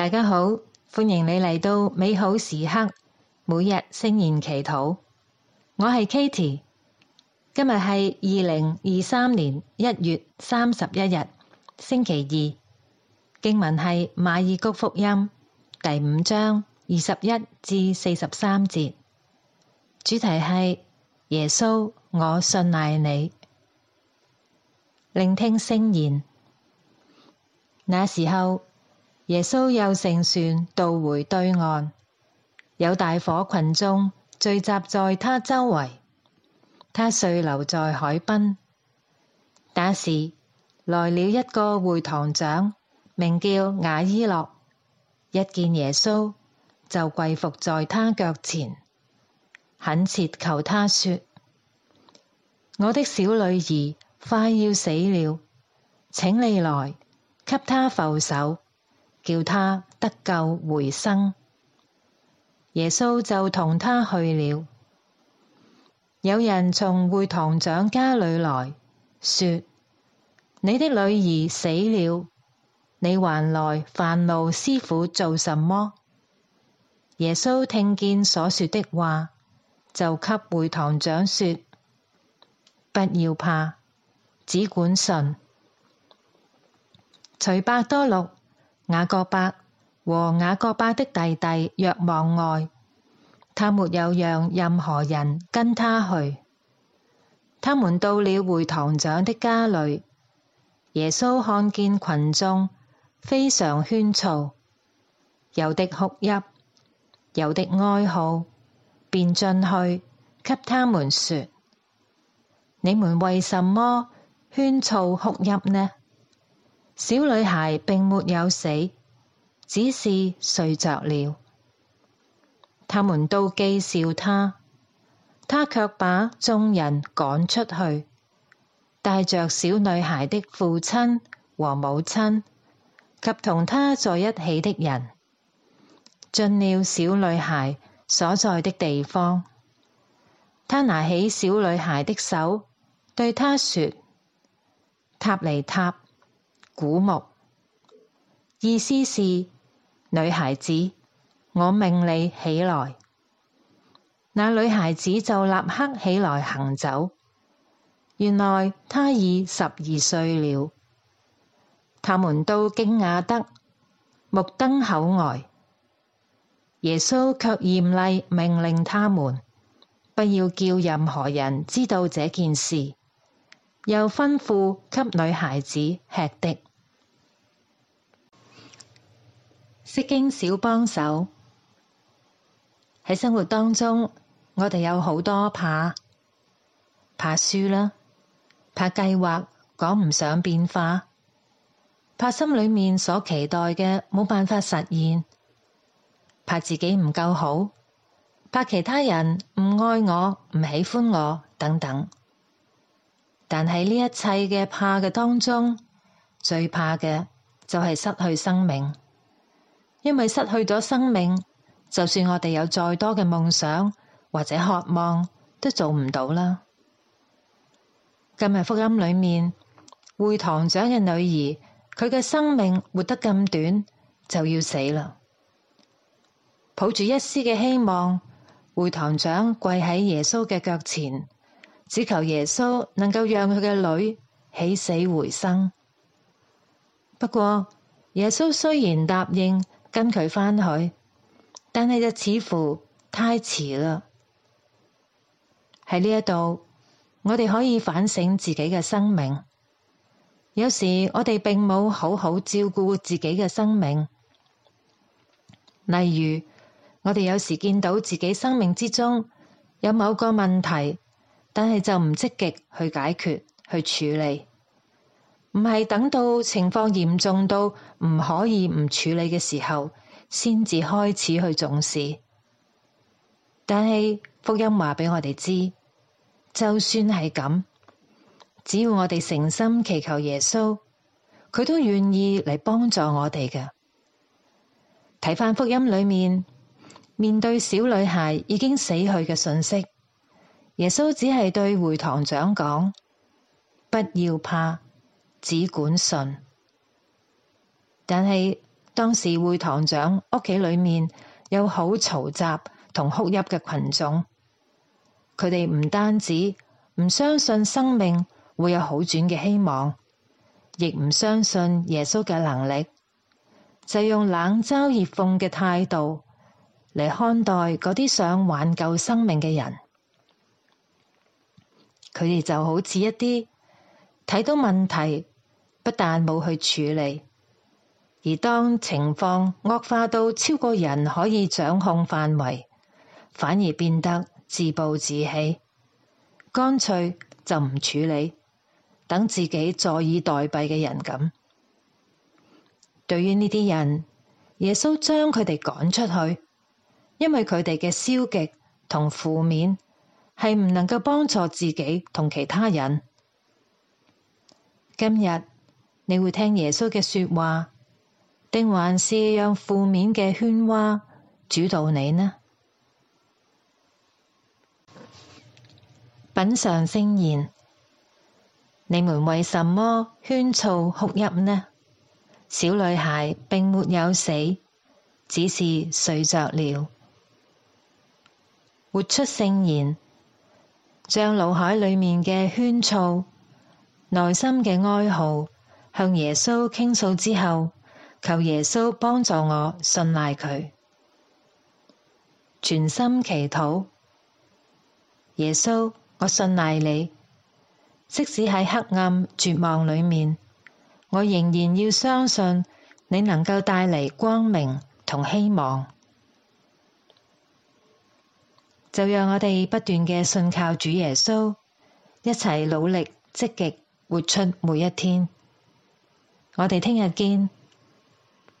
大家好，歡迎你嚟到美好時刻，每日聖言祈禱。我係 Katy，今日係二零二三年一月三十一日星期二，經文係馬爾谷福音第五章二十一至四十三節，主題係耶穌，我信賴你，聆聽聖言。那時候，耶穌又乘船渡回對岸，有大夥群眾聚集在他周圍，他遂留在海濱。那時來了一個會堂長，名叫雅依洛，一見耶穌就跪伏在他腳前，懇切求他說：我的小女兒快要死了，請你來給她覆手。叫他得救回生，耶穌就同他去了。有人從會堂長家裏來說：你的女兒死了，你還來煩勞師傅做什麼？耶穌聽見所說的話，就給會堂長說：不要怕，只管信。除伯多祿。雅各伯和雅各伯的弟弟若望外，他沒有讓任何人跟他去。他們到了會堂長的家裏，耶穌看見群眾非常喧噪，有的哭泣，有的哀嚎，便進去給他們說：你們為什麼喧噪哭泣呢？小女孩並沒有死，只是睡着了。他們都譏笑她，她卻把眾人趕出去，帶着小女孩的父親和母親及同她在一起的人，進了小女孩所在的地方。她拿起小女孩的手，對她說：塔里塔。古木，意思是女孩子，我命你起來。那女孩子就立刻起來行走。原來她已十二歲了。他們都驚訝得目瞪口呆。耶穌卻嚴厲命，命令他們，不要叫任何人知道這件事，又吩咐給女孩子吃的。釋經小幫手。喺生活當中，我哋有好多怕，怕輸啦，怕計劃趕唔上變化，怕心裏面所期待嘅冇辦法實現，怕自己唔夠好，怕其他人唔愛我、唔喜歡我等等。但喺呢一切嘅怕嘅當中，最怕嘅就係失去生命。因為失去咗生命，就算我哋有再多嘅夢想或者渴望，都做唔到啦。今日福音裏面，會堂長嘅女兒，佢嘅生命活得咁短，就要死啦。抱住一絲嘅希望，會堂長跪喺耶穌嘅腳前，只求耶穌能夠讓佢嘅女起死回生。不過耶穌雖然答應，跟佢返去，但係就似乎太遲喇。喺呢一度，我哋可以反省自己嘅生命。有時我哋並冇好好照顧自己嘅生命，例如我哋有時見到自己生命之中有某個問題，但係就唔積極去解決去處理。唔係等到情況嚴重到唔可以唔處理嘅時候，先至開始去重視。但係福音話俾我哋知，就算係咁，只要我哋誠心祈求耶穌，佢都願意嚟幫助我哋嘅。睇翻福音裏面，面對小女孩已經死去嘅訊息，耶穌只係對會堂長講：「不要怕。只管信，但係當時會堂長屋企裏面有好嘈雜同哭泣嘅群眾，佢哋唔單止唔相信生命會有好轉嘅希望，亦唔相信耶穌嘅能力，就用冷嘲熱諷嘅態度嚟看待嗰啲想挽救生命嘅人，佢哋就好似一啲睇到問題。不但冇去處理，而當情況惡化到超過人可以掌控範圍，反而變得自暴自棄，乾脆就唔處理，等自己坐以待斃嘅人咁。對於呢啲人，耶穌將佢哋趕出去，因為佢哋嘅消極同負面係唔能夠幫助自己同其他人。今日。你會聽耶穌嘅說話，定還是讓負面嘅喧嘩主導你呢？品嘗聖言，你們為什麼喧噪哭泣呢？小女孩並沒有死，只是睡着了。活出聖言，將腦海裏面嘅喧噪、內心嘅哀號。向耶穌傾訴之後，求耶穌幫助我信賴佢，全心祈禱。耶穌，我信賴你，即使喺黑暗絕望裏面，我仍然要相信你能夠帶嚟光明同希望。就讓我哋不斷嘅信靠主耶穌，一齊努力積極活出每一天。我哋聽日見。